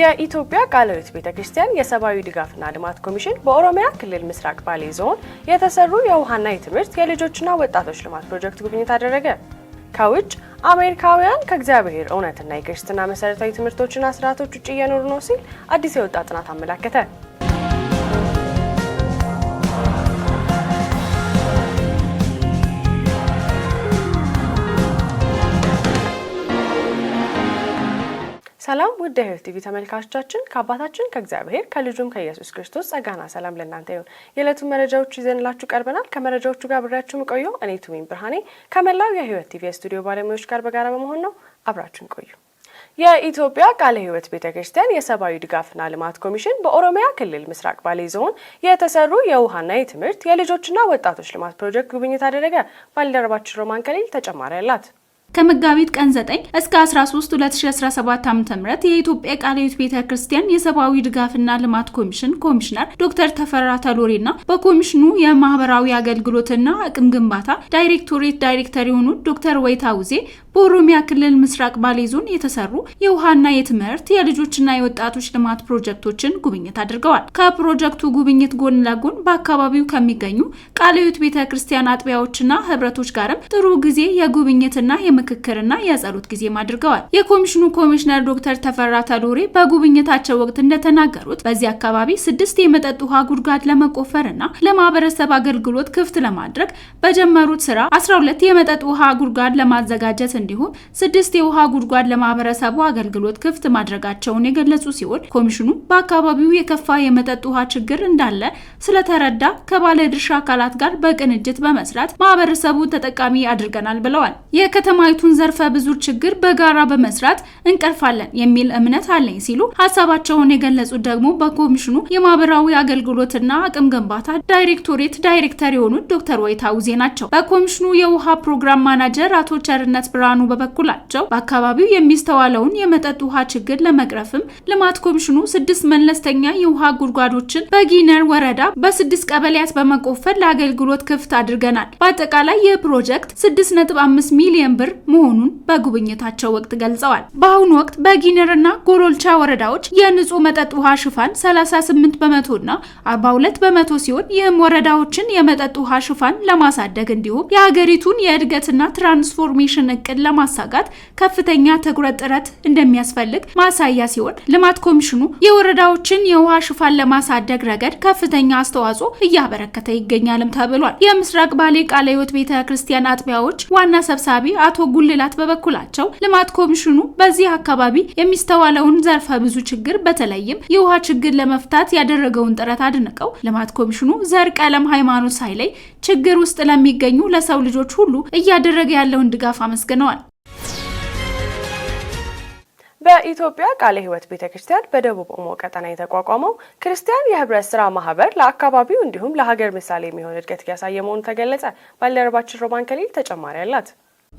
የኢትዮጵያ ቃለ ሕይወት ቤተ ክርስቲያን የሰብአዊ ድጋፍና ልማት ኮሚሽን በኦሮሚያ ክልል ምስራቅ ባሌ ዞን የተሰሩ የውሃና የትምህርት የልጆችና ወጣቶች ልማት ፕሮጀክት ጉብኝት አደረገ። ከውጭ አሜሪካውያን ከእግዚአብሔር እውነትና የክርስትና መሰረታዊ ትምህርቶችና ስርዓቶች ውጭ እየኖሩ ነው ሲል አዲስ የወጣ ጥናት አመላከተ። ሰላም ውድ ሕይወት ቲቪ ተመልካቾቻችን ከአባታችን ከእግዚአብሔር ከልጁም ከኢየሱስ ክርስቶስ ጸጋና ሰላም ለእናንተ ይሁን። የዕለቱን መረጃዎቹ ይዘንላችሁ ቀርበናል። ከመረጃዎቹ ጋር ብሬያችሁ የምቆየው እኔ ቱሚን ብርሃኔ ከመላው የህይወት ቲቪ የስቱዲዮ ባለሙያዎች ጋር በጋራ በመሆን ነው። አብራችሁን ቆዩ። የኢትዮጵያ ቃለ ህይወት ቤተ ክርስቲያን የሰብአዊ ድጋፍና ልማት ኮሚሽን በኦሮሚያ ክልል ምስራቅ ባሌ ዞን የተሰሩ የውሃና የትምህርት የልጆችና ወጣቶች ልማት ፕሮጀክት ጉብኝት አደረገ። ባልደረባችን ሮማን ከሌል ተጨማሪ አላት። ከመጋቢት ቀን 9 እስከ 13 2017 ዓ.ም የኢትዮጵያ ቃለ ሕይወት ቤተ ክርስቲያን የሰብአዊ ድጋፍና ልማት ኮሚሽን ኮሚሽነር ዶክተር ተፈራ ተሎሬና በኮሚሽኑ የማህበራዊ አገልግሎትና አቅም ግንባታ ዳይሬክቶሬት ዳይሬክተር የሆኑት ዶክተር ወይታውዜ በኦሮሚያ ክልል ምስራቅ ባሌ ዞን የተሰሩ የውሃና የትምህርት የልጆችና የወጣቶች ልማት ፕሮጀክቶችን ጉብኝት አድርገዋል። ከፕሮጀክቱ ጉብኝት ጎን ለጎን በአካባቢው ከሚገኙ ቃለ ሕይወት ቤተ ክርስቲያን አጥቢያዎችና ህብረቶች ጋርም ጥሩ ጊዜ የጉብኝትና የምክክርና የጸሎት ጊዜም አድርገዋል። የኮሚሽኑ ኮሚሽነር ዶክተር ተፈራ ተዶሬ በጉብኝታቸው ወቅት እንደተናገሩት በዚህ አካባቢ ስድስት የመጠጥ ውሃ ጉድጓድ ለመቆፈርና ለማህበረሰብ አገልግሎት ክፍት ለማድረግ በጀመሩት ስራ 12 የመጠጥ ውሃ ጉድጓድ ለማዘጋጀት እንዲሁም ስድስት የውሃ ጉድጓድ ለማህበረሰቡ አገልግሎት ክፍት ማድረጋቸውን የገለጹ ሲሆን ኮሚሽኑ በአካባቢው የከፋ የመጠጥ ውሃ ችግር እንዳለ ስለተረዳ ከባለ ድርሻ አካላት ጋር በቅንጅት በመስራት ማህበረሰቡ ተጠቃሚ አድርገናል ብለዋል። የከተማይቱን ዘርፈ ብዙ ችግር በጋራ በመስራት እንቀርፋለን የሚል እምነት አለኝ ሲሉ ሀሳባቸውን የገለጹት ደግሞ በኮሚሽኑ የማህበራዊ አገልግሎትና አቅም ግንባታ ዳይሬክቶሬት ዳይሬክተር የሆኑት ዶክተር ውዜ ናቸው። በኮሚሽኑ የውሃ ፕሮግራም ማናጀር አቶ ቸርነት ብርሃኑ ባለስልጣኑ በበኩላቸው በአካባቢው የሚስተዋለውን የመጠጥ ውሃ ችግር ለመቅረፍም ልማት ኮሚሽኑ ስድስት መለስተኛ የውሃ ጉድጓዶችን በጊነር ወረዳ በስድስት ቀበሌያት በመቆፈር ለአገልግሎት ክፍት አድርገናል። በአጠቃላይ ይህ ፕሮጀክት 6.5 ሚሊዮን ብር መሆኑን በጉብኝታቸው ወቅት ገልጸዋል። በአሁኑ ወቅት ና ጎሎልቻ ወረዳዎች የንጹህ መጠጥ ውሃ ሽፋን 38 በመቶና 42 በመቶ ሲሆን ይህም ወረዳዎችን የመጠጥ ውሃ ሽፋን ለማሳደግ እንዲሁም የሀገሪቱን የእድገትና ትራንስፎርሜሽን እቅድ እቅድ ለማሳጋት ከፍተኛ ትኩረት ጥረት እንደሚያስፈልግ ማሳያ ሲሆን ልማት ኮሚሽኑ የወረዳዎችን የውሃ ሽፋን ለማሳደግ ረገድ ከፍተኛ አስተዋጽኦ እያበረከተ ይገኛልም ተብሏል። የምስራቅ ባሌ ቃለ ሕይወት ቤተ ክርስቲያን አጥቢያዎች ዋና ሰብሳቢ አቶ ጉልላት በበኩላቸው ልማት ኮሚሽኑ በዚህ አካባቢ የሚስተዋለውን ዘርፈ ብዙ ችግር በተለይም የውሃ ችግር ለመፍታት ያደረገውን ጥረት አድንቀው ልማት ኮሚሽኑ ዘር፣ ቀለም፣ ሃይማኖት ሳይለይ ችግር ውስጥ ለሚገኙ ለሰው ልጆች ሁሉ እያደረገ ያለውን ድጋፍ አመስግነዋል። በኢትዮጵያ ቃለ ሕይወት ቤተ ክርስቲያን በደቡብ ኦሞ ቀጠና የተቋቋመው ክርስቲያን የህብረት ስራ ማህበር ለአካባቢው እንዲሁም ለሀገር ምሳሌ የሚሆን እድገት እያሳየ መሆኑ ተገለጸ። ባልደረባችን ሮማን ከሊል ተጨማሪ አላት።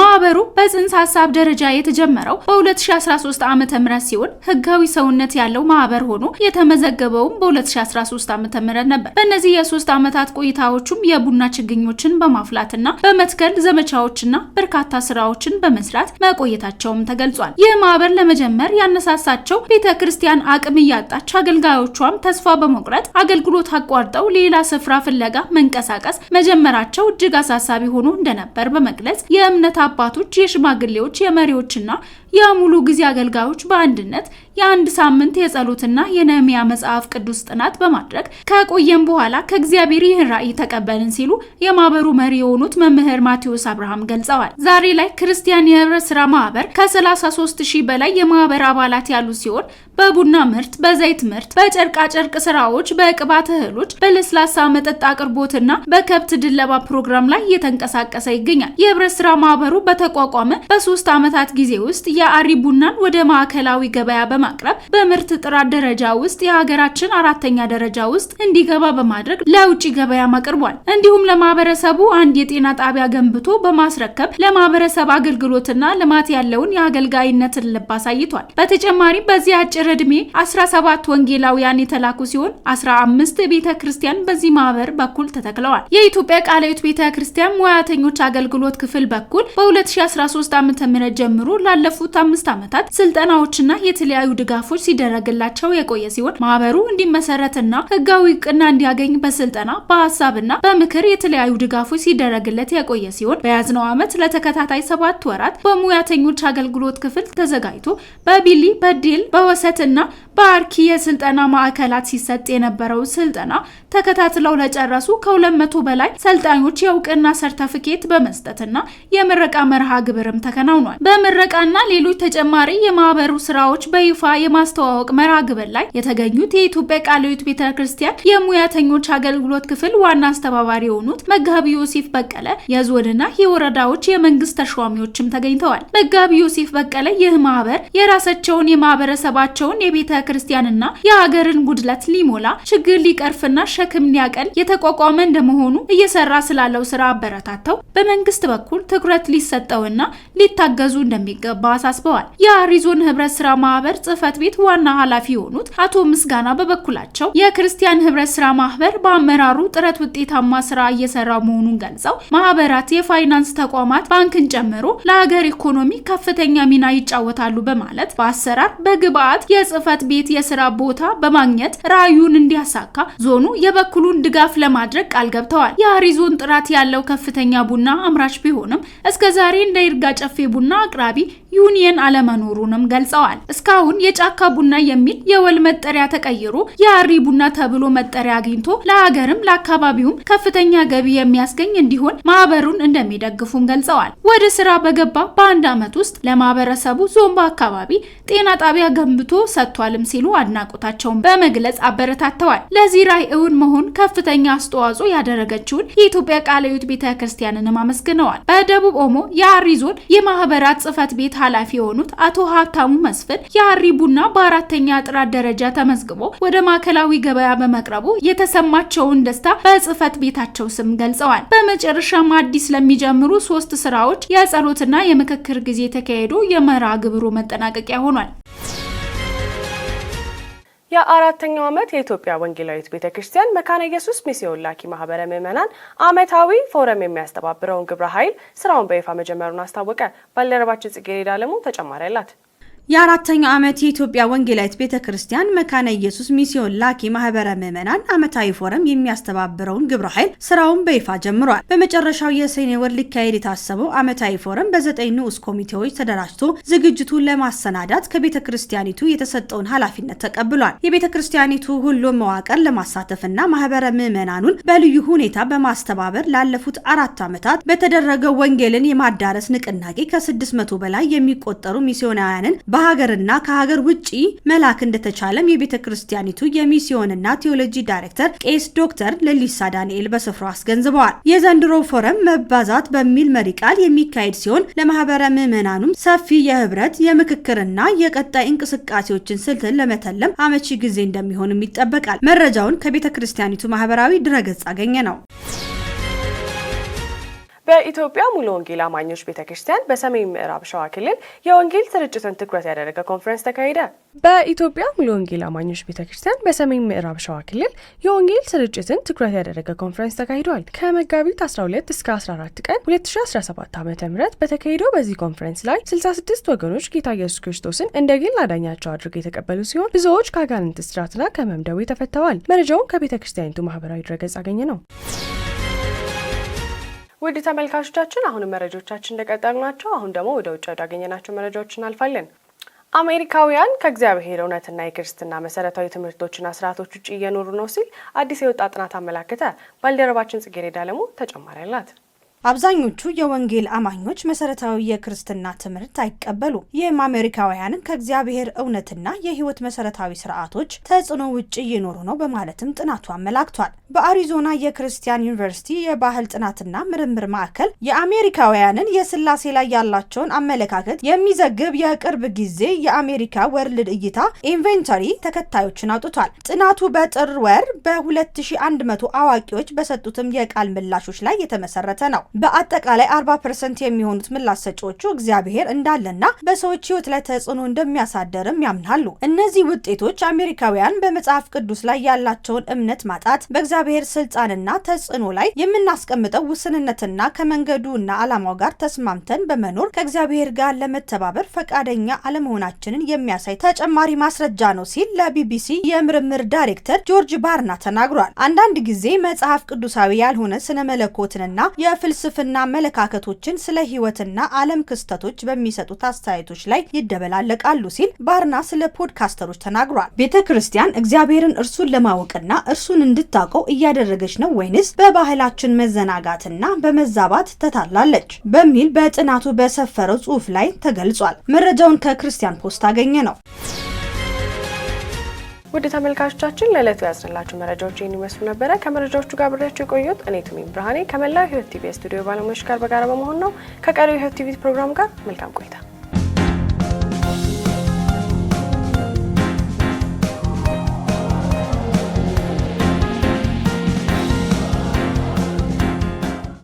ማህበሩ በጽንሰ ሀሳብ ደረጃ የተጀመረው በ2013 ዓ ም ሲሆን ህጋዊ ሰውነት ያለው ማህበር ሆኖ የተመዘገበውም በ2013 ዓ ም ነበር። በእነዚህ የሶስት ዓመታት ቆይታዎቹም የቡና ችግኞችን በማፍላትና በመትከል ዘመቻዎችና በርካታ ስራዎችን በመስራት መቆየታቸውም ተገልጿል። ይህ ማህበር ለመጀመር ያነሳሳቸው ቤተ ክርስቲያን አቅም እያጣች አገልጋዮቿም ተስፋ በመቁረጥ አገልግሎት አቋርጠው ሌላ ስፍራ ፍለጋ መንቀሳቀስ መጀመራቸው እጅግ አሳሳቢ ሆኖ እንደነበር በመግለጽ የእምነት የእምነት አባቶች፣ የሽማግሌዎች፣ የመሪዎችና የሙሉ ጊዜ አገልጋዮች በአንድነት የአንድ ሳምንት የጸሎትና የነህምያ መጽሐፍ ቅዱስ ጥናት በማድረግ ከቆየም በኋላ ከእግዚአብሔር ይህን ራእይ ተቀበልን ሲሉ የማህበሩ መሪ የሆኑት መምህር ማቴዎስ አብርሃም ገልጸዋል። ዛሬ ላይ ክርስቲያን የህብረት ስራ ማህበር ከ33 ሺህ በላይ የማህበር አባላት ያሉ ሲሆን በቡና ምርት፣ በዘይት ምርት፣ በጨርቃጨርቅ ስራዎች፣ በቅባት እህሎች፣ በለስላሳ መጠጥ አቅርቦትና በከብት ድለባ ፕሮግራም ላይ እየተንቀሳቀሰ ይገኛል። የህብረት ስራ ማህበሩ በተቋቋመ በሶስት ዓመታት ጊዜ ውስጥ የአሪ ቡናን ወደ ማዕከላዊ ገበያ በማቅረብ በምርት ጥራት ደረጃ ውስጥ የሀገራችን አራተኛ ደረጃ ውስጥ እንዲገባ በማድረግ ለውጭ ገበያ አቅርቧል። እንዲሁም ለማህበረሰቡ አንድ የጤና ጣቢያ ገንብቶ በማስረከብ ለማህበረሰብ አገልግሎትና ልማት ያለውን የአገልጋይነትን ልብ አሳይቷል። በተጨማሪም በዚህ አጭር ዕድሜ 17 ወንጌላውያን የተላኩ ሲሆን 15 ቤተ ክርስቲያን በዚህ ማህበር በኩል ተተክለዋል። የኢትዮጵያ ቃላዊት ቤተ ክርስቲያን ሙያተኞች አገልግሎት ክፍል በኩል በ2013 ዓ.ም ጀምሮ ላለፉት ላለፉት አምስት ዓመታት ስልጠናዎችና የተለያዩ ድጋፎች ሲደረግላቸው የቆየ ሲሆን ማህበሩ እንዲመሰረትና ህጋዊ እውቅና እንዲያገኝ በስልጠና በሀሳብና በምክር የተለያዩ ድጋፎች ሲደረግለት የቆየ ሲሆን በያዝነው ዓመት ለተከታታይ ሰባት ወራት በሙያተኞች አገልግሎት ክፍል ተዘጋጅቶ በቢሊ በዴል በወሰትና በአርኪ የስልጠና ማዕከላት ሲሰጥ የነበረው ስልጠና ተከታትለው ለጨረሱ ከሁለት መቶ በላይ ሰልጣኞች የእውቅና ሰርተፍኬት በመስጠትና የምረቃ መርሃ ግብርም ተከናውኗል። በምረቃና ሌሎ ሌሎች ተጨማሪ የማህበሩ ስራዎች በይፋ የማስተዋወቅ መርሃ ግብር ላይ የተገኙት የኢትዮጵያ ቃለ ሕይወት ቤተ ክርስቲያን የሙያተኞች አገልግሎት ክፍል ዋና አስተባባሪ የሆኑት መጋቢ ዮሴፍ በቀለ የዞንና የወረዳዎች የመንግስት ተሿሚዎችም ተገኝተዋል። መጋቢ ዮሴፍ በቀለ ይህ ማህበር የራሳቸውን የማህበረሰባቸውን የቤተ ክርስቲያንና የሀገርን ጉድለት ሊሞላ ችግር ሊቀርፍና ሸክም ሊያቀል የተቋቋመ እንደመሆኑ እየሰራ ስላለው ስራ አበረታተው በመንግስት በኩል ትኩረት ሊሰጠውና ሊታገዙ እንደሚገባ አሳስበዋል። የአሪዞን ህብረት ስራ ማህበር ጽህፈት ቤት ዋና ኃላፊ የሆኑት አቶ ምስጋና በበኩላቸው የክርስቲያን ህብረት ስራ ማህበር በአመራሩ ጥረት ውጤታማ ስራ እየሰራ መሆኑን ገልጸው ማህበራት፣ የፋይናንስ ተቋማት ባንክን ጨምሮ ለሀገር ኢኮኖሚ ከፍተኛ ሚና ይጫወታሉ በማለት በአሰራር በግብአት የጽህፈት ቤት የስራ ቦታ በማግኘት ራዕዩን እንዲያሳካ ዞኑ የበኩሉን ድጋፍ ለማድረግ ቃል ገብተዋል። የአሪዞን ጥራት ያለው ከፍተኛ ቡና አምራች ቢሆንም እስከ ዛሬ እንደ ይርጋ ጨፌ ቡና አቅራቢ ዩኒየን አለመኖሩንም ገልጸዋል። እስካሁን የጫካ ቡና የሚል የወል መጠሪያ ተቀይሮ የአሪ ቡና ተብሎ መጠሪያ አግኝቶ ለሀገርም ለአካባቢውም ከፍተኛ ገቢ የሚያስገኝ እንዲሆን ማህበሩን እንደሚደግፉም ገልጸዋል። ወደ ስራ በገባ በአንድ ዓመት ውስጥ ለማህበረሰቡ ዞምባ አካባቢ ጤና ጣቢያ ገንብቶ ሰጥቷልም ሲሉ አድናቆታቸውን በመግለጽ አበረታተዋል። ለዚህ ራዕይ እውን መሆን ከፍተኛ አስተዋጽኦ ያደረገችውን የኢትዮጵያ ቃለ ሕይወት ቤተ ክርስቲያንንም አመስግነዋል። በደቡብ ኦሞ የአሪ ዞን የማህበራት ጽህፈት ቤት ኃላፊ የሆኑት አቶ ሀብታሙ መስፍን የአሪ ቡና በአራተኛ ጥራት ደረጃ ተመዝግቦ ወደ ማዕከላዊ ገበያ በመቅረቡ የተሰማቸውን ደስታ በጽህፈት ቤታቸው ስም ገልጸዋል። በመጨረሻም አዲስ ለሚጀምሩ ሶስት ስራዎች የጸሎትና የምክክር ጊዜ ተካሄዱ የመርሃ ግብሩ መጠናቀቂያ ሆኗል። የአራተኛው ዓመት የኢትዮጵያ ወንጌላዊት ቤተ ክርስቲያን መካነ ኢየሱስ ሚስዮን ላኪ ማህበረ ምዕመናን ዓመታዊ ፎረም የሚያስተባብረውን ግብረ ኃይል ስራውን በይፋ መጀመሩን አስታወቀ። ባልደረባችን ጽጌሬዳ አለሙ ተጨማሪ አላት። የአራተኛው ዓመት የኢትዮጵያ ወንጌላዊት ቤተ ክርስቲያን መካነ ኢየሱስ ሚስዮን ላኪ ማህበረ ምዕመናን ዓመታዊ ፎረም የሚያስተባብረውን ግብረ ኃይል ስራውን በይፋ ጀምሯል። በመጨረሻው የሰኔ ወር ሊካሄድ የታሰበው ዓመታዊ ፎረም በዘጠኝ ንዑስ ኮሚቴዎች ተደራጅቶ ዝግጅቱን ለማሰናዳት ከቤተ ክርስቲያኒቱ የተሰጠውን ኃላፊነት ተቀብሏል። የቤተ ክርስቲያኒቱ ሁሉም መዋቅር ለማሳተፍና ማህበረ ምዕመናኑን በልዩ ሁኔታ በማስተባበር ላለፉት አራት ዓመታት በተደረገው ወንጌልን የማዳረስ ንቅናቄ ከስድስት መቶ በላይ የሚቆጠሩ ሚስዮናውያንን በሀገርና ከሀገር ውጪ መላክ እንደተቻለም የቤተ ክርስቲያኒቱ የሚስዮንና ቴዎሎጂ ዳይሬክተር ቄስ ዶክተር ለሊሳ ዳንኤል በስፍራው አስገንዝበዋል። የዘንድሮ ፎረም መባዛት በሚል መሪ ቃል የሚካሄድ ሲሆን ለማህበረ ምዕመናኑም ሰፊ የህብረት የምክክርና የቀጣይ እንቅስቃሴዎችን ስልትን ለመተለም አመቺ ጊዜ እንደሚሆንም ይጠበቃል። መረጃውን ከቤተ ክርስቲያኒቱ ማህበራዊ ድረገጽ አገኘ ነው። በኢትዮጵያ ሙሉ ወንጌል አማኞች ቤተክርስቲያን በሰሜን ምዕራብ ሸዋ ክልል የወንጌል ስርጭትን ትኩረት ያደረገ ኮንፈረንስ ተካሄደ። በኢትዮጵያ ሙሉ ወንጌል አማኞች ቤተክርስቲያን በሰሜን ምዕራብ ሸዋ ክልል የወንጌል ስርጭትን ትኩረት ያደረገ ኮንፈረንስ ተካሂዷል። ከመጋቢት 12 እስከ 14 ቀን 2017 ዓ ም በተካሄደው በዚህ ኮንፈረንስ ላይ 66 ወገኖች ጌታ ኢየሱስ ክርስቶስን እንደ ግል አዳኛቸው አድርገው የተቀበሉ ሲሆን ብዙዎች ከአጋንንት ስራትና ከመምደዌ ተፈተዋል። መረጃውን ከቤተክርስቲያኒቱ ማህበራዊ ድረገጽ አገኘ ነው። ውድ ተመልካቾቻችን አሁንም መረጃዎቻችን እንደቀጠሉ ናቸው። አሁን ደግሞ ወደ ውጭ ወዳገኘናቸው መረጃዎች እናልፋለን። አሜሪካውያን ከእግዚአብሔር እውነትና የክርስትና መሰረታዊ ትምህርቶችና ስርዓቶች ውጭ እየኖሩ ነው ሲል አዲስ የወጣ ጥናት አመላከተ። ባልደረባችን ጽጌሬዳ አለሙ ተጨማሪ አላት። አብዛኞቹ የወንጌል አማኞች መሰረታዊ የክርስትና ትምህርት አይቀበሉም። ይህም አሜሪካውያንን ከእግዚአብሔር እውነትና የህይወት መሰረታዊ ስርዓቶች ተጽዕኖ ውጭ እየኖሩ ነው በማለትም ጥናቱ አመላክቷል። በአሪዞና የክርስቲያን ዩኒቨርሲቲ የባህል ጥናትና ምርምር ማዕከል የአሜሪካውያንን የስላሴ ላይ ያላቸውን አመለካከት የሚዘግብ የቅርብ ጊዜ የአሜሪካ ወርልድ እይታ ኢንቬንተሪ ተከታዮችን አውጥቷል። ጥናቱ በጥር ወር በ2100 አዋቂዎች በሰጡትም የቃል ምላሾች ላይ የተመሰረተ ነው። በአጠቃላይ 40 ፐርሰንት የሚሆኑት ምላሽ ሰጪዎቹ እግዚአብሔር እንዳለና በሰዎች ህይወት ላይ ተጽዕኖ እንደሚያሳደርም ያምናሉ። እነዚህ ውጤቶች አሜሪካውያን በመጽሐፍ ቅዱስ ላይ ያላቸውን እምነት ማጣት፣ በእግዚአብሔር ስልጣንና ተጽዕኖ ላይ የምናስቀምጠው ውስንነትና ከመንገዱና ዓላማው ጋር ተስማምተን በመኖር ከእግዚአብሔር ጋር ለመተባበር ፈቃደኛ አለመሆናችንን የሚያሳይ ተጨማሪ ማስረጃ ነው ሲል ለቢቢሲ የምርምር ዳይሬክተር ጆርጅ ባርና ተናግሯል። አንዳንድ ጊዜ መጽሐፍ ቅዱሳዊ ያልሆነ ስነ መለኮትንና የፍልስ ፍልስፍና አመለካከቶችን ስለ ህይወትና ዓለም ክስተቶች በሚሰጡት አስተያየቶች ላይ ይደበላለቃሉ ሲል ባርና ስለ ፖድካስተሮች ተናግሯል። ቤተ ክርስቲያን እግዚአብሔርን እርሱን ለማወቅና እርሱን እንድታውቀው እያደረገች ነው ወይንስ በባህላችን መዘናጋትና በመዛባት ተታላለች? በሚል በጥናቱ በሰፈረው ጽሑፍ ላይ ተገልጿል። መረጃውን ከክርስቲያን ፖስት አገኘ ነው። ውድ ተመልካቾቻችን ለዕለቱ ያዝንላችሁ መረጃዎች ይህን ይመስሉ ነበረ። ከመረጃዎቹ ጋር ብሬያቸው የቆየሁት እኔ ቱሚን ብርሃኔ ከመላው ህይወት ቲቪ ስቱዲዮ ባለሙያዎች ጋር በጋራ በመሆን ነው። ከቀሪው ህይወት ቲቪ ፕሮግራም ጋር መልካም ቆይታ